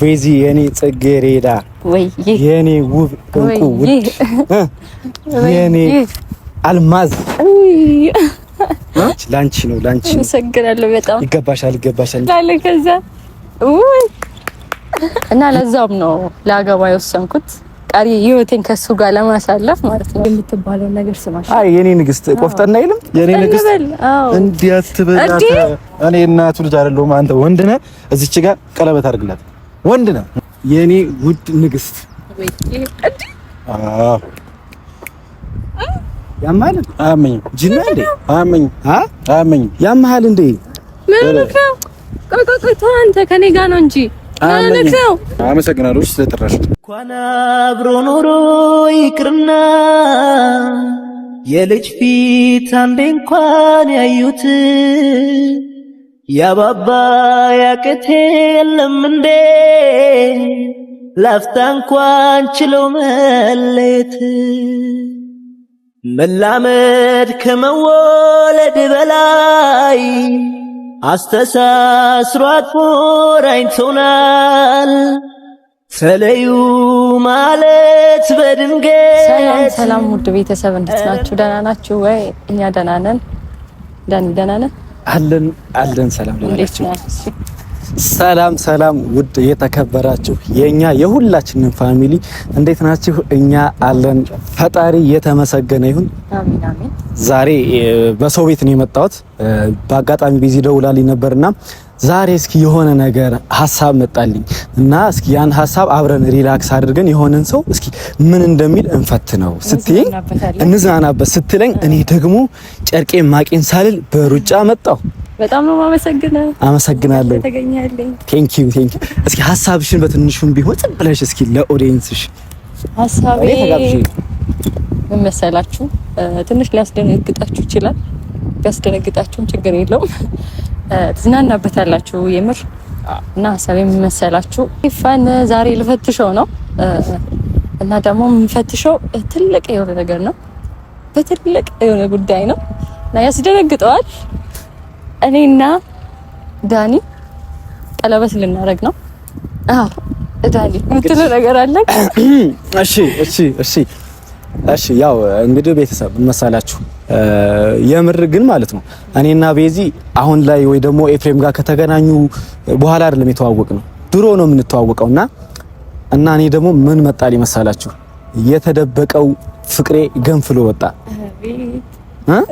ቤዚ የኔ ጽጌሬዳ የኔ ውብ እንቁ ውድ የኔ አልማዝ ላንቺ ነው ላንቺ አመሰግናለሁ በጣም ይገባሻል፣ ይገባሻል ላለ ከዛ እና ለዛም ነው ለአገባ የወሰንኩት። ቀሪ ህይወቴን ከሱ ጋር ለማሳለፍ ማለት ነው። የምትባለው ነገር ስማሽ። አይ የኔ ንግስት ቆፍጠና አይልም የኔ ንግስት እንዲህ አትበላት። እኔ እናቱ ልጅ አይደለሁም። አንተ ወንድ ነህ። እዚች ጋር ቀለበት አድርግላት ወንድ ነው የእኔ ውድ ንግስት። ያማል አያመኝም። ጅና እንዴ አያመኝም። አያመኝም። ያማል እንዴ አንተ ከኔ ጋር ነው እንጂ አመሰግናለሁ ስለጠራሽ። እንኳን አብሮ ኖሮ ይቅርና የልጅ ፊት አንዴ እንኳን ያዩት ያባባ ያቅቴ የለም እንዴ ላፍታ እንኳን ችሎ መለየት መላመድ ከመወለድ በላይ አስተሳስሮ አጥፎ ራኝቶናል። ተለዩ ማለት በድንገት። ሰላም ሰላም፣ ውድ ቤተሰብ እንዴት ናችሁ? ደህና ናችሁ ወይ? እኛ ደህና ነን። ደህና ነን። አለን አለን። ሰላም ለላችሁ፣ ሰላም ሰላም፣ ውድ የተከበራችሁ የኛ የሁላችንን ፋሚሊ እንዴት ናችሁ? እኛ አለን። ፈጣሪ የተመሰገነ ይሁን። ዛሬ በሰው ቤት ነው የመጣሁት። በአጋጣሚ ቢዚ ደውላልኝ ነበርና ዛሬ እስኪ የሆነ ነገር ሀሳብ መጣልኝ እና እስኪ ያን ሀሳብ አብረን ሪላክስ አድርገን የሆነን ሰው እስኪ ምን እንደሚል እንፈት ነው ስትይኝ እንዝናናበት ስትለኝ እኔ ደግሞ ጨርቄ ማቄን ሳልል በሩጫ መጣሁ። በጣም ነው ማመሰግነው። አመሰግናለሁ። ተገኛለኝ። ቴንክ ዩ ቴንክ ዩ። እስኪ ሀሳብሽን በትንሹም ቢሆን ብለሽ እስኪ ለኦዲየንስሽ ሀሳቤ ምን መሰላችሁ? ትንሽ ሊያስደነግጣችሁ ይችላል። ሊያስደነግጣችሁም ችግር የለውም ትዝናናበታላችሁ የምር እና ሀሳብ የሚመሰላችሁ ይፋን ዛሬ ልፈትሸው ነው እና ደግሞ የምፈትሸው ትልቅ የሆነ ነገር ነው። በትልቅ የሆነ ጉዳይ ነው እና ያስደነግጠዋል። እኔና ዳኒ ቀለበት ልናደርግ ነው። ዳኒ የምትለው ነገር አለ። እሺ እሺ እሺ እሺ ያው እንግዲህ ቤተሰብ መሳላችሁ የምር ግን ማለት ነው እኔና ቤዚ አሁን ላይ ወይ ደግሞ ኤፍሬም ጋር ከተገናኙ በኋላ አይደለም የተዋወቅ ነው ድሮ ነው የምንተዋወቀውና እና እኔ ደግሞ ምን መጣል መሳላችሁ የተደበቀው ፍቅሬ ገንፍሎ ወጣ።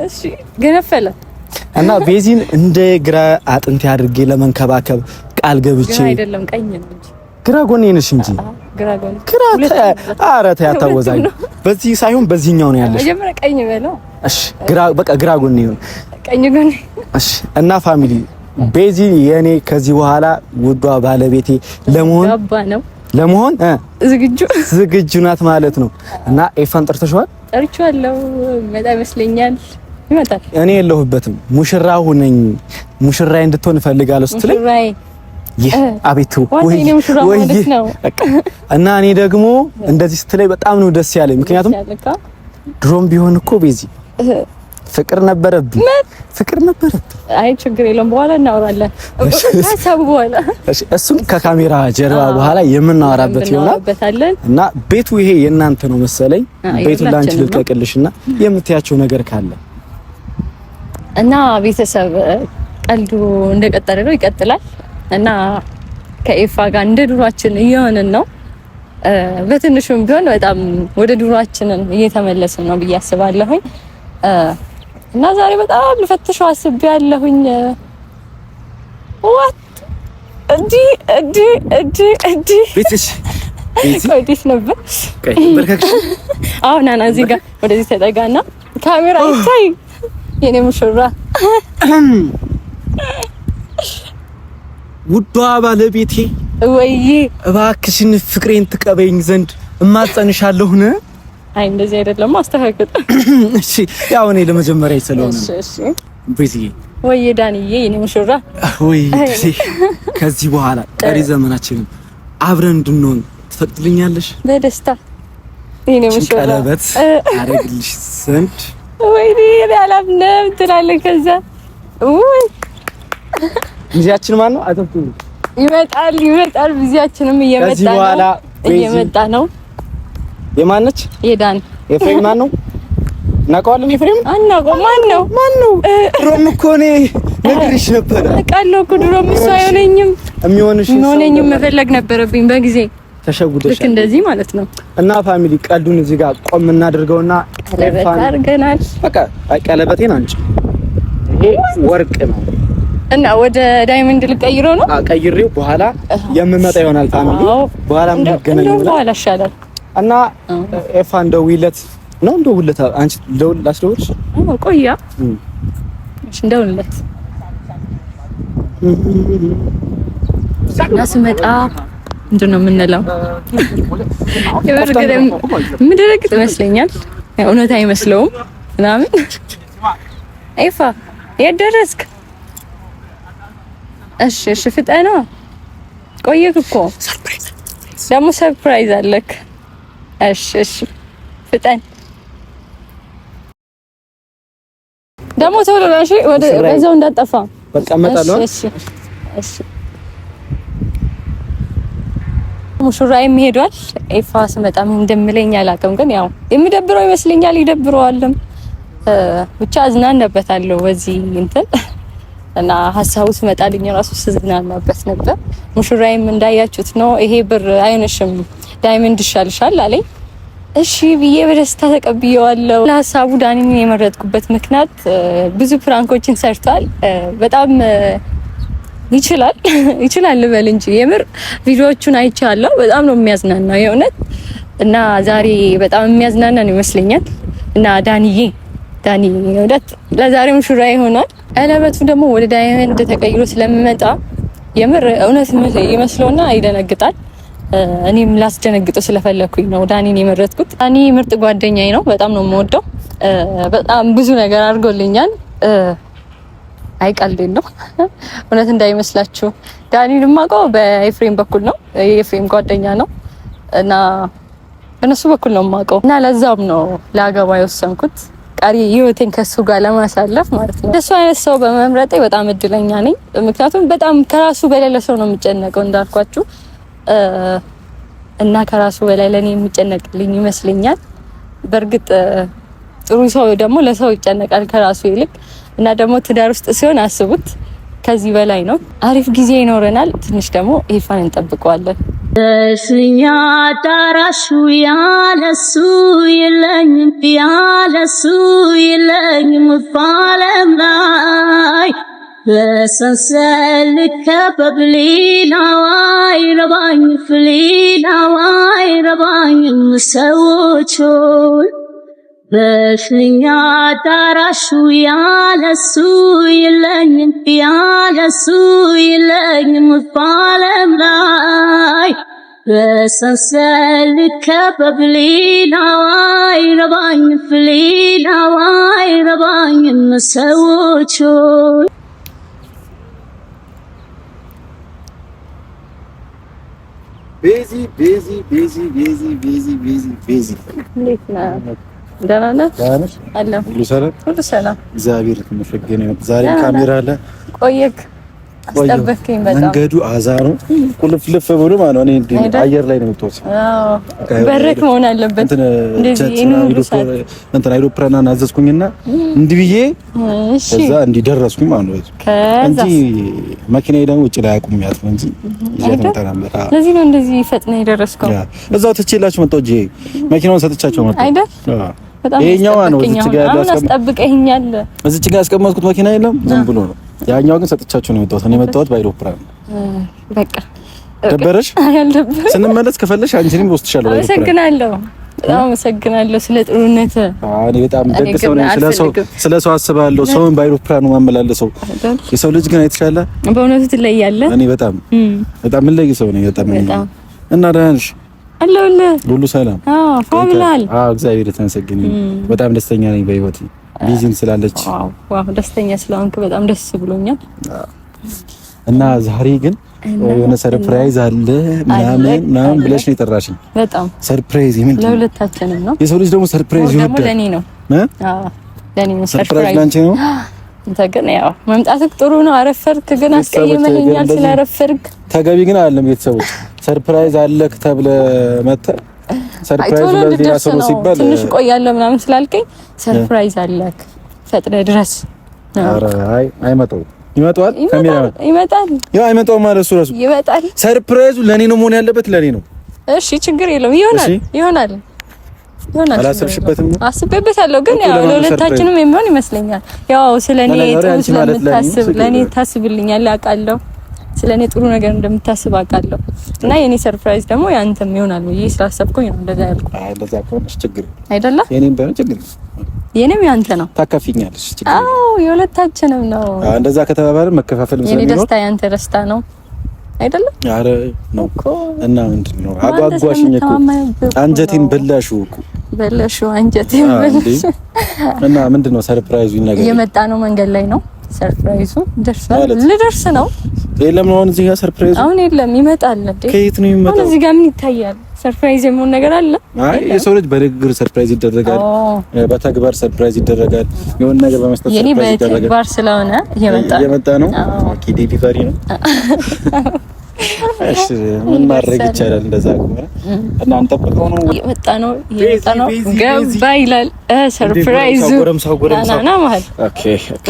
እሺ ገነፈለ እና ቤዚን እንደ ግራ አጥንቴ አድርጌ ለመንከባከብ ቃል ገብቼ ግራ ጎኔ ነሽ እንጂ ግራ ጎኔ ግራ አረ ተይ አታወዛኝ በዚህ ሳይሆን በዚህኛው ነው ያለሽ። መጀመሪያ ቀኝ በለው። እሺ፣ ግራ በቃ ግራ ጎን ይሁን ቀኝ ጎን። እሺ። እና ፋሚሊ ቤዚ የኔ ከዚህ በኋላ ውዷ ባለቤቴ ለመሆን ለመሆን ዝግጁ ዝግጁ ናት ማለት ነው። እና ኤፋን ጠርተሽዋል? ጠርቼዋለሁ። መጣ ይመስለኛል። ይመጣል። እኔ የለሁበትም። ሙሽራው ነኝ፣ ሙሽራዬ እንድትሆን እፈልጋለሁ ስትለኝ ይህ አቤቱ ወይ እና እኔ ደግሞ እንደዚህ ስትለይ በጣም ነው ደስ ያለኝ። ምክንያቱም ድሮም ቢሆን እኮ ቤዚ ፍቅር ነበረብኝ ፍቅር ነበረብኝ። አይ ችግር የለም በኋላ እናወራለን። እሱን ከካሜራ ጀርባ በኋላ የምናወራበት ይሆናል እና ቤቱ ይሄ የእናንተ ነው መሰለኝ። ቤቱን ላንቺ ልልቀቅልሽ እና የምትያቸው ነገር ካለ እና ቤተሰብ ቀልዱ እንደቀጠለ ነው ይቀጥላል። እና ከኤፋ ጋር እንደ ድሯችን እየሆንን ነው። በትንሹም ቢሆን በጣም ወደ ድሯችንን እየተመለስን ነው ብዬ አስባለሁኝ። እና ዛሬ በጣም ልፈትሸው አስቤ ያለሁኝ ዋት እንዲህ እንዲህ እንዲህ እንዲህ ቤትሽ ቤትሽ ነበር። አሁን አና እዚህ ጋር ወደዚህ ተጠጋና ካሜራ ይታይ የኔ ሙሽራ ውዷ ባለቤቴ ወይ እባክሽን ፍቅሬን ትቀበይኝ ዘንድ እማጸንሻለሁን። አይ እንደዚህ አይደለም፣ አስተካክል። እሺ ያው እኔ ለመጀመሪያ ስለሆነ እሺ። ቤትዬ ወይ ዳንዬ የኔ ሙሽራ ወይ ከዚህ በኋላ ቀሪ ዘመናችንን አብረን እንድንሆን ትፈቅድልኛለሽ? በደስታ የኔ ሙሽራ ቀለበት አደርግልሽ ዘንድ ወይ እኔ ትላለህ ከዛ ወይ ጊዜያችን ማን ነው? አትፍቱ። ይመጣል ይመጣል። ጊዜያችንም እየመጣ ነው እየመጣ ነው። የማነች የዳን የፍሬም ማን ነው? እናውቀዋለን። የፍሬም አናውቀው። ማን ነው ማን ነው? ድሮም እኮ እኔ ነግሬሽ ነበር። አውቃለሁ እኮ ድሮም እሱ አይሆነኝም የሚሆንሽ የሚሆነኝም መፈለግ ነበረብኝ በጊዜ ተሸጉደሽ ልክ እንደዚህ ማለት ነው። እና ፋሚሊ ቀልዱን እዚህ ጋር ቆም እናድርገውና ቀለበት አድርገናል። በቃ ቀለበቴን አንቺ ይሄ ወርቅ ነው እና ወደ ዳይመንድ ልቀይሮ ነው። ቀይሬው በኋላ የምመጣ ይሆናል። ፋሚሊ በኋላ ምንገናኝ ነው። በኋላ ይሻላል። እና ኤፋ እንደውይለት ነው እንደውለት። አንቺ ደውል ላስደውልሽ። ቆያ እሺ፣ እንደውልለት እና ስመጣ ምንድን ነው የምንለው? የምደረግጥ ይመስለኛል። እውነት አይመስለውም ምናምን ኤፋ የት ደረስክ? እሺ፣ እሺ፣ ፍጠና። ቆየክ እኮ ደግሞ ሰርፕራይዝ አለክ። እሺ፣ እሺ፣ ፍጠን ደግሞ ቶሎ እሺ፣ ወደ እዛው እንዳጠፋ በቃ መጣለው። እሺ፣ እሺ፣ ሙሽራዬም ሄዷል። ኤፋ ስመጣም እንደምለኝ አላውቅም፣ ግን ያው የሚደብረው ይመስለኛል። ይደብረዋልም ብቻ አዝናንበታለሁ በዚህ እንትን እና ሀሳቡ ስመጣልኝ ራሱ ስዝናናበት ነበር። ሙሽራይም እንዳያችሁት ነው። ይሄ ብር አይነሽም ዳይመንድ ይሻልሻል አለኝ። እሺ ብዬ በደስታ ተቀብየዋለሁ። ለሀሳቡ ዳኒን የመረጥኩበት ምክንያት ብዙ ፕራንኮችን ሰርቷል። በጣም ይችላል ይችላል ልበል እንጂ የምር ቪዲዮዎቹን አይቻለሁ። በጣም ነው የሚያዝናናው የእውነት እና ዛሬ በጣም የሚያዝናናን ይመስለኛል እና ዳኒዬ ዳኒ ለዛሬ ሙሽራ ይሆናል ቀለበቱ ደግሞ ወደ ዳይመንድ ተቀይሮ ስለሚመጣ የምር እውነት ይመስለውና ይደነግጣል። እኔም ላስደነግጠው ስለፈለኩኝ ነው ዳኒን የመረጥኩት። ዳኒ ምርጥ ጓደኛዬ ነው። በጣም ነው የምወደው። በጣም ብዙ ነገር አድርጎልኛል። አይቀልድ ነው እውነት እንዳይመስላችሁ። ዳኒን የማውቀው በኤፍሬም በኩል ነው። የኤፍሬም ጓደኛ ነው እና በነሱ በኩል ነው የማውቀው እና ለዛም ነው ለአገባ የወሰንኩት። ቀሪ ህይወቴን ከሱ ጋር ለማሳለፍ ማለት ነው። እሱ አይነት ሰው በመምረጤ በጣም እድለኛ ነኝ። ምክንያቱም በጣም ከራሱ በላይ ለሰው ነው የሚጨነቀው እንዳልኳችሁ እና ከራሱ በላይ ለኔ የሚጨነቅልኝ ይመስለኛል። በእርግጥ ጥሩ ሰው ደግሞ ለሰው ይጨነቃል ከራሱ ይልቅ እና ደግሞ ትዳር ውስጥ ሲሆን አስቡት ከዚህ በላይ ነው። አሪፍ ጊዜ ይኖረናል። ትንሽ ደግሞ ኤፋን እንጠብቀዋለን። እሽኛ አዳራሹ ያለሱ የለኝም ያለሱ የለኝም ባለም ላይ በሰንሰል ልከበብ ሌላዋ አይረባኝም ሌላዋ አይረባኝም በሽኛ ዳራሹ ያለሱ የለኝም ያለሱ የለኝም ባለም ላይ በሰንሰል ከበብ ሌላው አይረባኝም ሌላው አይረባኝም ሰዎች ቤዚ ቤዚ ቤዚ ቤዚ ቤዚ ቤዚ ቤዚ ደህና ነህ? እግዚአብሔር ይመስገን። ዛሬ ካሜራ አለ። ቆየክ፣ አስጠበከኝ በጣም። መንገዱ አዛ ነው፣ ቁልፍልፍ ብሎ ማለት ነው። እኔ አየር ላይ ነው የምትወጣው። በረክ መሆን አለበት። እንደዚህ እንትን አይሮፕላን አዘዝኩኝና እንዲህ ብዬ ከዛ እንዲህ ማለት ነው እንጂ መኪናዬ ደግሞ ውጭ ላይ አቁሜያት ነው እንጂ ለዚህ ነው እንደዚህ ፈጥነህ የደረስከው። እዛው ትቼላችሁ መጣሁ። መኪናውን ሰጥቻቸው መጣሁ አይደል? ይሄኛው ነው እዚች ጋር ያስጠብቀኛል። እዚች ጋር ያስቀመጥኩት መኪና የለም ዝም ብሎ ነው። ያኛው ግን ሰጥቻችሁ ነው የመጣሁት። እኔ የመጣሁት በአይሮፕላን በቃ ደበረሽ። ስንመለስ ከፈለሽ አንቺንም ወስድሻለሁ። አመሰግናለሁ፣ በጣም አመሰግናለሁ ስለ ጥሩነት። እኔ በጣም ደግ ሰው ነኝ። ስለ ሰው ስለ ሰው አስባለሁ። ሰውን በአይሮፕላን ነው የማመላለሰው። የሰው ልጅ ግን አይተሻለ፣ በእውነቱ ትለያለህ። እኔ በጣም በጣም ምን ለይ ሰው ነኝ በጣም እና ደህና ነሽ? ሁሉ ሰላም ፋብላል። እግዚአብሔር የተመሰገነ በጣም ደስተኛ ነኝ በህይወት ቢዚን ስላለች ደስተኛ ስለሆንክ በጣም ደስ ብሎኛል። እና ዛሬ ግን የሆነ ሰርፕራይዝ አለ ምናምን ምናምን ብለሽ ነው የጠራሽኝ። በጣም ሰርፕራይዝ ይምን ለሁለታችንም ነው። የሰው ልጅ ደግሞ ሰርፕራይዝ ይወዳል። ለእኔ ነው ለእኔ ነው ሰርፕራይዝ ላንቺ ነው አንተ ግን ያው መምጣትህ ጥሩ ነው። አረፈርክ ግን አስቀይመኸኛል ስላረፈርክ። ተገቢ ግን አይደለም። ቤተሰቦች ሰርፕራይዝ አለክ ተብለህ መተህ ሰርፕራይዝ ለዚህ ሰው ሲባል ትንሽ እቆያለሁ ምናምን ስላልከኝ ሰርፕራይዝ አለክ ፈጥነህ ድረስ። ኧረ አይ አይመጣውም ይመጣል ካሜራ ይመጣል። ያው አይመጣውም ማለት እሱ እራሱ ይመጣል። ሰርፕራይዙ ለኔ ነው መሆን ያለበት ለኔ ነው። እሺ ችግር የለውም። ይሆናል ይሆናል አላሰብሽበትም? አስቤበታለሁ፣ ግን ያው ለሁለታችንም የሚሆን ይመስለኛል። ያው ስለኔ ጥሩ ስለምታስብ ለኔ ታስብልኛል አውቃለሁ። ስለኔ ጥሩ ነገር እንደምታስብ አውቃለሁ። እና የኔ ሰርፕራይዝ ደግሞ ያንተም ይሆናል ብዬ ስላሰብኩኝ ነው እንደዛ ያልኩ። አይ እንደዛ ከሆነሽ ችግር አይደለ። የኔም ባይሆን ችግር የኔም ያንተ ነው። ታካፊኛለሽ። ችግር አዎ፣ የሁለታችንም ነው። እንደዛ ከተባባልን መከፋፈል ስለሚኖር የኔ ደስታ ያንተ ደስታ ነው። አይደለም። አረ ነው እና ምንድን ነው አጓጓሽኝ እኮ አንጀቴን በላሹ እኮ በላሹ አንጀቴን በላሹ። እና ምንድን ነው ሰርፕራይዙ ነገር የመጣ ነው መንገድ ላይ ነው ሰርፕራይዙ። ደርሷል፣ ልደርስ ነው። የለም ነው እዚህ ጋር ሰርፕራይዙ አሁን የለም። ይመጣል እንዴ? ከየት ነው ይመጣል? እዚህ ጋር ምን ይታያል? ሰርፕራይዝ የሚሆን ነገር አለ? አይ የሰው ልጅ በንግግር ሰርፕራይዝ ይደረጋል፣ በተግባር ሰርፕራይዝ ይደረጋል፣ የሆነ ነገር በመስጠት ሰርፕራይዝ ይደረጋል። በተግባር ስለሆነ የመጣ ነው ማኪ ዴሊቨሪ ነው። እሺ ምን ማድረግ ይቻላል? እንደዛ ከሆነ እናንተ በቀው ነው የመጣ ነው የመጣ ነው ገባ ይላል። ሰርፕራይዙ ጎረምሳ ጎረምሳ ና ማለት ኦኬ ኦኬ።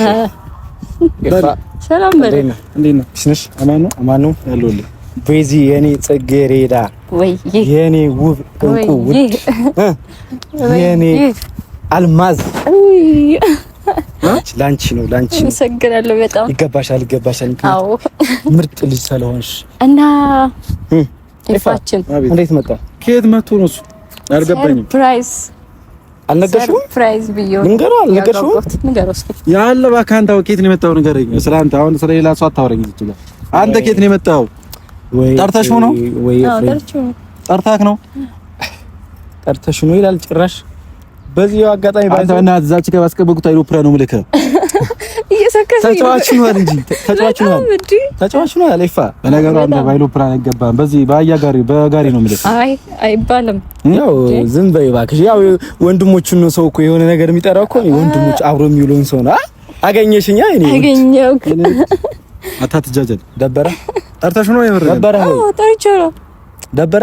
ሰላም በል እንዴት ነው? ስንሽ አማኑ አማኑ ያለውልህ ቤዚ የኔ ጽጌረዳ ወይ የኔ ውብ እንቁ ውድ የኔ አልማዝ ላንቺ ነው ላንቺ አመሰግናለሁ። በጣም ይገባሻል፣ ይገባሻል። አዎ ምርጥ ልጅ ስለሆንሽ እና ይፋችን እንዴት መጣ? ከየት መጥቶ ነው እሱ? አልገባኝም። ፕራይስ አልነገርሽውም? ፕራይስ ብየው ንገረው። አልነገርሽውም? ንገረው እስኪ ያለ ባካንታ ከየት ነው የመጣው? ንገረኝ። ስለ አንተ አሁን ስለ ሌላ ሰው አታወራኝ። አንተ ከየት ነው የመጣው? ጠርተሽው ነው? ወይ ጠርታክ ነው? ጠርተሽ ነው ይላል ጭራሽ በዚህ አጋጣሚ ባንተና አዛች ጋር ባስቀበልኩት አይሮፕላን ነው ተጫዋች ነው በነገሩ አንተ በአይሮፕላን አይገባም። በዚህ በአያ ጋሪ በጋሪ ነው ምልከ አይ አይባልም። ያው ዝም በይ እባክሽ። ያው ወንድሞቹን ነው ሰው እኮ የሆነ ነገር የሚጠራው እኮ ወንድሞች አብሮ ሰው ነው። አገኘሽኛ እኔ አገኘው አታትጃጀል ደበረ ጠርተሽ ነው የምር ደበረ ጠርቼው ነው ደበረ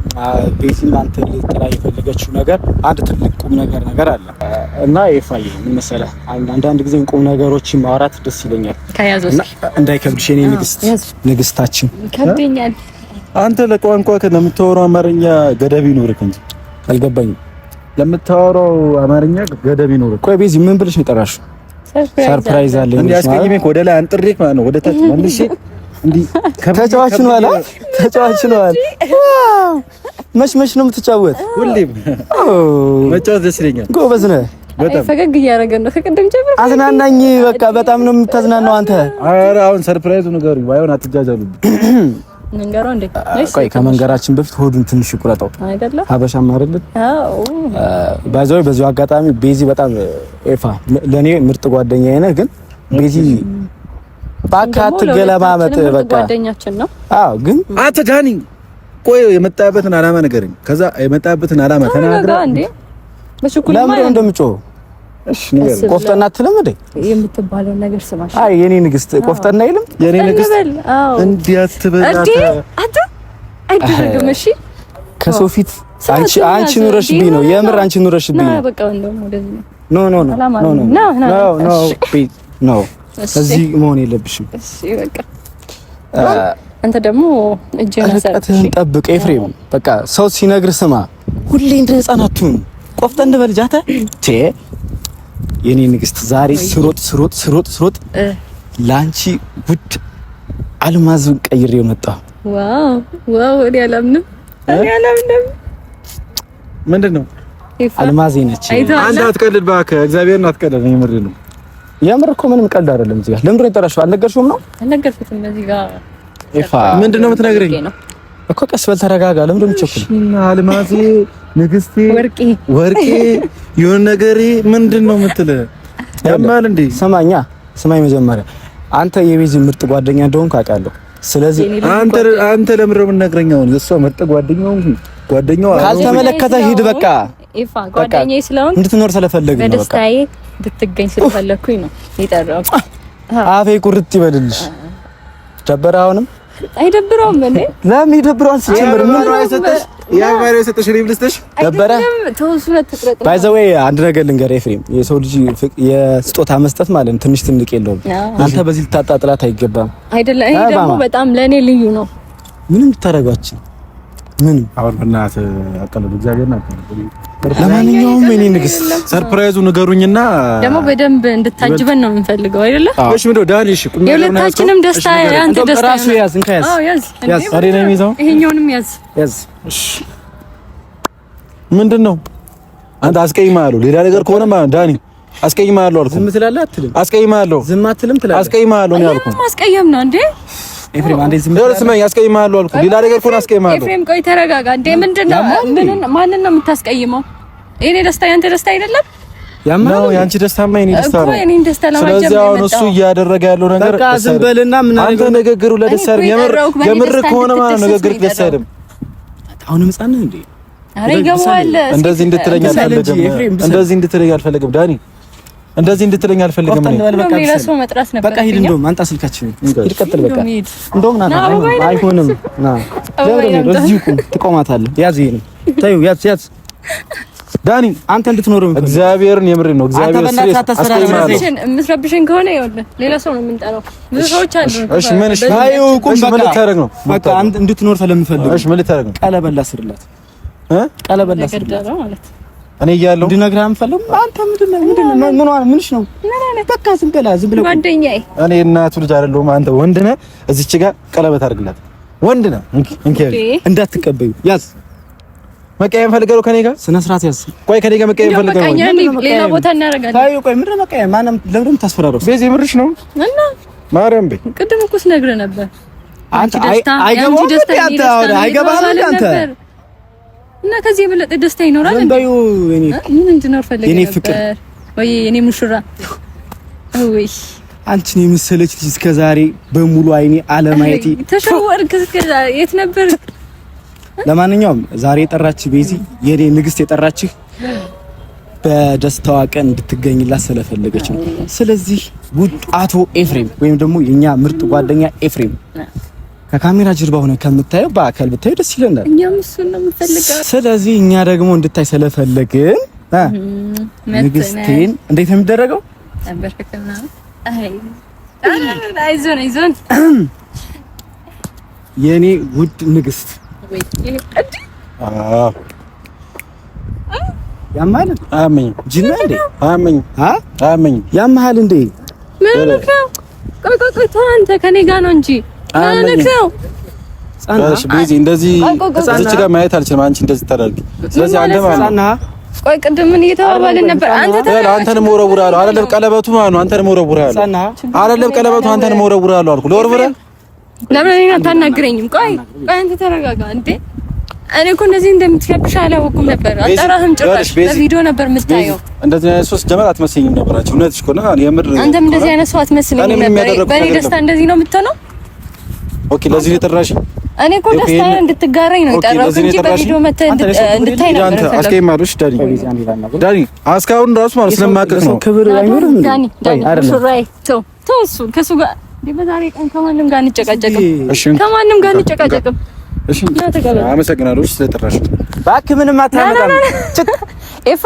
ቤቲን አንተ ልትጠራ የፈለገችው ነገር አንድ ትልቅ ቁም ነገር ነገር አለ እና ኤፋዬ ምን መሰለህ፣ አንዳንድ ጊዜ ቁም ነገሮች ማውራት ደስ ይለኛል። እንዳይከብድሽ የእኔ ንግስት፣ ንግስታችን ከብደኛል። አንተ ለቋንቋ ለምታወራው አማርኛ ገደብ ይኖርክ እንጂ አልገባኝም። ለምታወራው አማርኛ ገደብ ይኖርክ። ቆይ ቤዚ ምን ብለሽ ነው የጠራሽው? ሰርፕራይዝ አለ እንዴ? አስቀይሜ ወደ ላይ አንጥሬክ ማለት ነው ወደ ታች መልሼ ተጫዋች ነው ነዋል ተጫዋች ነው ነዋል። መች መች ነው የምትጫወት? ሁሌም መጫወት ደስ ይለኛል። ጎበዝ ነህ። ፈገግ እያደረገ ነው ከቅድም ጀምሮ። አዝናናኝ። በቃ በጣም ነው የምታዝናናው አንተ። ኧረ አሁን ሰርፕራይዙ ንገሩኝ። ባይሆን አትጃጃሉ። ቆይ ከመንገራችን በፊት ሆዱን ትንሽ ይቁረጠው። ሀበሻም አይደለም ባይዘው። በዚሁ አጋጣሚ ቤዚ በጣም ኤፋ ለእኔ ምርጥ ጓደኛዬ ነህ፣ ግን ቤዚ እባክህ አትገለማመጥ። በቃ አዎ ግን አትዳኒ፣ ቆይ የመጣበትን አላማ ንገረኝ። ከዛ የመጣበትን አላማ ተናግራ እንዴ በሽኩል ማለት ነው እንደምጮህ እሺ ንገረኝ። ቆፍጠና አትልም እንዴ የምትባለው ነገር ስማሽ። አይ የኔ ንግስት ቆፍጠና አይልም የኔ ንግስት። እንዲህ አትበል እንዴ አት አይደረግም። እሺ ከሶፊት ፊት አንቺ አንቺ ኑረሽብኝ ነው የምር አንቺ ኑረሽብኝ ነው። በቃ እንደውም ወደዚህ ኖ ኖ ኖ ኖ ኖ ኖ ኖ ኖ እዚህ መሆን የለብሽም። አንተ ደግሞ ጠብቅ ኤፍሬም። በቃ ሰው ሲነግር ስማ። ሁሌ እንደ ህፃናቱን ቆፍጠን እንበል ጃተ። የኔ ንግስት ዛሬ ስሮጥ ስሮጥ ስሮጥ ስሮጥ ለአንቺ ውድ ዋው እኔ አላምንም፣ እኔ አላምንም። ምንድን ነው አልማዝ ነች። አንድ አትቀልድ እባክህ፣ እግዚአብሔርን አትቀልድ። እኔ ነው የምር እኮ ምንም ቀልድ አይደለም። እዚህ ጋር ለምንድን ነው የጠራሽው? አልነገርሽውም ነው? አልነገርኩትም። እዚህ ጋር ይፋ ምንድን ነው የምትነግረኝ እኮ? ቀስ በል ተረጋጋ። ለምንድን ነው የምትቸኩል? አልማዝ ንግስቴ፣ ወርቄ ወርቄ፣ የሆነ ነገሬ ምንድን ነው የምትል ያማል እንዴ? ሰማኛ ሰማኝ። መጀመሪያ አንተ የቤዚ ምርጥ ጓደኛ እንደሆንኩ አውቃለሁ። ስለዚህ አንተ አንተ ለምንድን ነው የምትነግረኝ? አሁን እሷ ምርጥ ጓደኛው ጓደኛው ካልተመለከተ ሂድ በቃ ኢፋ ጓደኛዬ ስለሆንክ እንድትኖር ስለፈለግኝ ነው። በደስታዬ እንድትገኝ ስለፈለግኩኝ ነው የጠራው። አፌ ቁርጥ ይበልልሽ። ደበረ አሁንም አይደብረውም እንዴ? ለምን ይደብረዋል? ሲጀምር ምን ነው አይሰጥሽ ያ ባይሮ የሰጠሽ ሪም ልስጥሽ ደበረ። ባይ ዘ ዌይ አንድ ነገር ልንገር ኤፍሬም፣ የሰው ልጅ የስጦታ መስጠት ማለት ነው ትንሽ ትንቅ የለውም። አንተ በዚህ ልታጣጥላት አይገባም። አይደለ? ይሄ ደግሞ በጣም ለኔ ልዩ ነው። ምንም ልታደርጓችን ምንም አሁን በእናትህ አቀለብ እግዚአብሔር ናቀለብ ለማንኛውም እኔ ንግስት ሰርፕራይዙ ንገሩኝና ደግሞ በደንብ እንድታጅበን ነው የምንፈልገው አይደለ? እሺ፣ ምንድነው ዳኒ? እሺ፣ የሁለታችንም ደስታ ያንተ ደስታ ነው። ያዝ፣ እንካ ያዝ፣ ያዝ፣ ያዝ፣ አሬ ነው የሚይዘው። ይሄኛውንም ያዝ፣ ያዝ። እሺ፣ ምንድነው አንተ አስቀይማለሁ። ሌላ ነገር ከሆነ ማለት ዳኒ አስቀይማለሁ አልኩ። ዝም ትላለህ አትልም? አስቀይማለሁ። ዝም አትልም ትላለህ? አስቀይማለሁ ነው ያልኩ። ማስቀየም ነው እንዴ? ኤፍሬም አንዴ ዝም ብለህ ስመኝ፣ አስቀይምሀለሁ አልኩህ። ሌላ ነገር ከሆነ አስቀይምሀለሁ። ኤፍሬም ቆይ ተረጋጋ። እንዴ ምንድን ነው? ምንን ማንን ነው የምታስቀይመው? የእኔ ደስታ ያንተ ደስታ አይደለም። ያማው ያንቺ ደስታማ የእኔ ደስታ ነው። ስለዚህ አሁን እሱ እያደረገ ያለው ነገር በቃ ዝም በልና ምን አንተ ንግግሩ ለደስ አይደለም። የምር የምር ከሆነ ማለት ነው ንግግሩ ደስ አይደለም። አሁንም ሕፃን እንዴ? ኧረ ይገባዋል። እንደዚህ እንድትለኝ አልፈለግም። እንደዚህ እንድትለኝ አልፈለግም ዳኒ እንደዚህ እንድትለኝ አልፈልግም። እኔ ሌላ ሰው መጥራት ነበር። በቃ ሂድ፣ እንደውም አንጣ ስልካችን ሂድ፣ ቀጥል። በቃ እንደውም ና፣ አይሆንም። ና እዚሁ ቁም፣ ትቆማታለህ። ያዝ፣ ይሄን ታዩ፣ ያዝ፣ ያዝ። ዳኒ አንተ እንድትኖር ነው። እግዚአብሔርን የምር ነው። እግዚአብሔር ስለ የምትረብሽን ከሆነ ይኸውልህ፣ ሌላ ሰው ነው የምንጠራው። ብዙ ሰዎች አሉ። እሺ፣ ምን እሺ፣ ታዩ፣ ቁም። በቃ ምን ልታረግ ነው? በቃ እንድትኖር ስለምፈልግ። እሺ፣ ምን ልታደርግ ነው? ቀለበላ ስርላት፣ ቀለበላ ስርላት ማለት እኔ እያለሁ እንድነግርህ አንፈልም። አንተ ምንድን ነው ምን ምንሽ ነው? በቃ ዝም በላ ዝም ብለህ ጓደኛዬ። እኔ እናቱ ልጅ አይደለሁም። አንተ ወንድ ነህ። እዚች ጋር ቀለበት አድርግላት። ወንድ ነህ። እንኪ እንኪ እንዳትቀበዩ። ያዝ መቀየም ፈልጋለሁ ከኔ ጋር ስነ ስርዓት ያዝ። ቆይ ከኔ ጋር መቀየም ፈልጋለሁ። ሌላ ቦታ እናደርጋለን። ቆይ ቆይ ምንድን ነው መቀየም? ማንም ለምንም ታስፈራረው? ቤዚ ምርሽ ነው እና ማርያም በይ። ቅድም እኮ ስነግርህ ነበር። አንቺ ደስታ አንቺ ደስታ አይገባም አንተ እና ከዚህ የበለጠ ደስታ ይኖራል? እንዴ? እኔ ምን እንድኖር ፈልገህ ነበር ወይ እኔ ሙሽራ? ወይ አንቺን የመሰለች ልጅ እስከ ዛሬ በሙሉ አይኔ አለማየቴ ተሸወርክ። እስከ ዛሬ የት ነበር? ለማንኛውም ዛሬ የጠራችህ ቤዚ የኔ ንግስት የጠራችህ በደስታዋ ቀን እንድትገኝላት ስለፈለገች ነው። ስለዚህ ውድ አቶ ኤፍሬም ወይም ደግሞ የኛ ምርጥ ጓደኛ ኤፍሬም ከካሜራ ጀርባ ሆነ ከምታየው በአካል ብታየው ደስ ይለናል። እኛም እሱን ነው የምፈልገው። ስለዚህ እኛ ደግሞ እንድታይ ስለፈለግን ንግስቴን እንዴት ነው የሚደረገው? የእኔ ውድ ንግስት ያማል አመኝ እንዴ አመኝ እንዴ ምን ነው? ቆይ ቆይ ቆይ ተው አንተ ከኔ ጋር ነው እንጂ እንደዚህ ጋር ማየት አልችልም። አንቺ እንደዚህ ታደርጊ። ስለዚህ አንተ ማለት ነው ቆይ ቅድም ምን እየተባባልን ነበር? አንተ አንተንም ወረውራለሁ አይደለም? ቀለበቱ ማለት ነው። አንተንም ወረውራለሁ አይደለም? ቀለበቱ አንተንም ወረውራለሁ አልኩ። ለወርውራለሁ። ለምን እኔን አታናግረኝም? ቆይ ቆይ፣ አንተ ተረጋጋ እንዴ። እኔ እኮ እንደዚህ እንደምትከብሽ አላወኩም ነበር። አጠራህም ጭራሽ በቪዲዮ ነበር የምታየው። እንደዚህ አይነት ሰው ጀመር አትመስለኝም ነበር። እውነትሽ እኮ ነው። የምር አንተም እንደዚህ አይነት ሰው አትመስለኝም ነበር። በእኔ ደስታ እንደዚህ ነው የምትሆነው ኦኬ። ለዚህ የተራሽ እኔ እኮ ደስታዬን እንድትጋራኝ ነው የጠራሁት እንጂ በቪዲዮ መተህ እንድታይ ነው ያለው። አስቀይማለሽ ዳኒ፣ ዳኒ እስካሁን ራሱ ማለት ስለማቀቅ ነው። ክብር አይኖርም ዳኒ። ዳኒ ተው ተው፣ እሱ ከእሱ ጋር በዛሬ ቀን ከማንም ጋር እንጨቃጨቅም፣ ከማንም ጋር እንጨቃጨቅም። እሺ አመሰግናለሁ ስለጠራሽ። እባክህ ምንም አታመጣም ኤፋ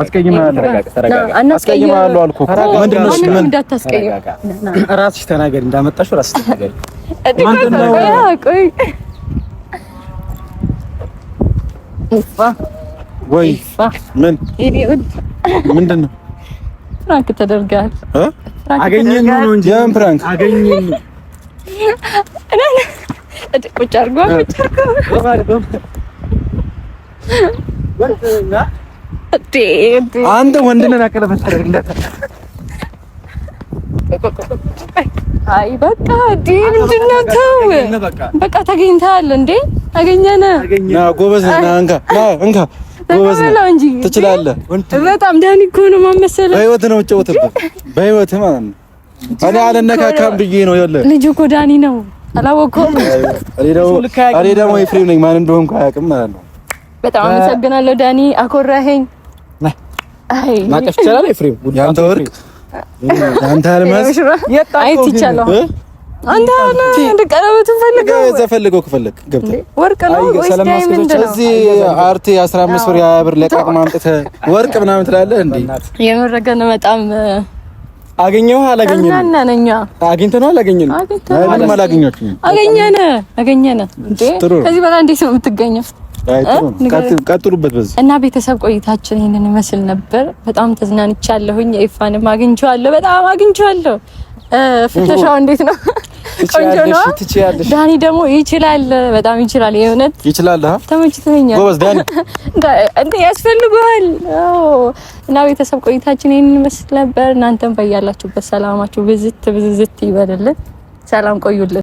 አስቀይማለሁ አልኩህ እኮ ምንድን ነው? እራስሽ ተናገሪ፣ እንዳመጣሽው እራስሽ ተናገሪ። ወይ ምን ምንድን ነው? ፍራንክ ተደርገሃል። አገኘን ነው እንጂ የምን ፍራንክ አገኘን ቁጭ አድርጎ ቁጭ አድርጎ አንተ ወንድነህ ቀለበት ታደርግለታል። አይ በቃ እንዴ ምንድን ነው? ተው በቃ ተገኝተሃል እንዴ? አገኘነህ። ና ጎበዝ ና እንካ፣ ና እንካ። ጎበዝ ነህ እንጂ ትችላለህ። በጣም ዳኒ እኮ ነው ማመሰለህ። በህይወት ነው የምትጫወትበት፣ በህይወት ማለት ነው። እኔ አልነካካም ብዬ ነው ያለ ልጅ እኮ ዳኒ ነው። አላወኩም። እኔ ደግሞ ኤፍሬም ነኝ። ማን እንደሆንኩ አያውቅም ማለት ነው በጣም አመሰግናለሁ ዳኒ፣ አኮራኸኝ። አይ ማቀፍ ይቻላል። ኤፍሬም ያንተ ወርቅ ያንተ አልማዝ አይት ይቻላል። አንተ እንድቀረበትን ፈልገው እዛ ፈልገው ከፈለግ ገብተህ ወርቅ ነው ወይስ ዳይመንድ ነው? እዚህ አርቴ 15 ብር ያ ብር ለቃቅ ማምጥተህ ወርቅ ምናምን ትላለህ እንዴ? የመረገ ነው በጣም አገኘው አላገኘንም? እና ነኛ አግኝተነው አላገኘንም? አግኝተነው አላገኘንም? አገኘነ አገኘነ። እንዴ ከዚህ በላይ እንዴት ነው የምትገኘው? ቀጥሉበት በዚህ እና ቤተሰብ ቆይታችን ይህንን ይመስል ነበር። በጣም ተዝናንቻለሁኝ። ኤፋንም አግኝቼዋለሁ። በጣም አግኝቼዋለሁ። ፍተሻው እንዴት ነው? ቆንጆ ነው። ዳኒ ደግሞ ይችላል፣ በጣም ይችላል። የእውነት ይችላል። ተመችቶኛል። ጎበዝ ዳኒ እንደ እና ቤተሰብ ቆይታችን ይህንን ይመስል ነበር። እናንተም በያላችሁበት ሰላማችሁ ብዝት ብዝዝት ይበልልን። ሰላም ቆዩልን።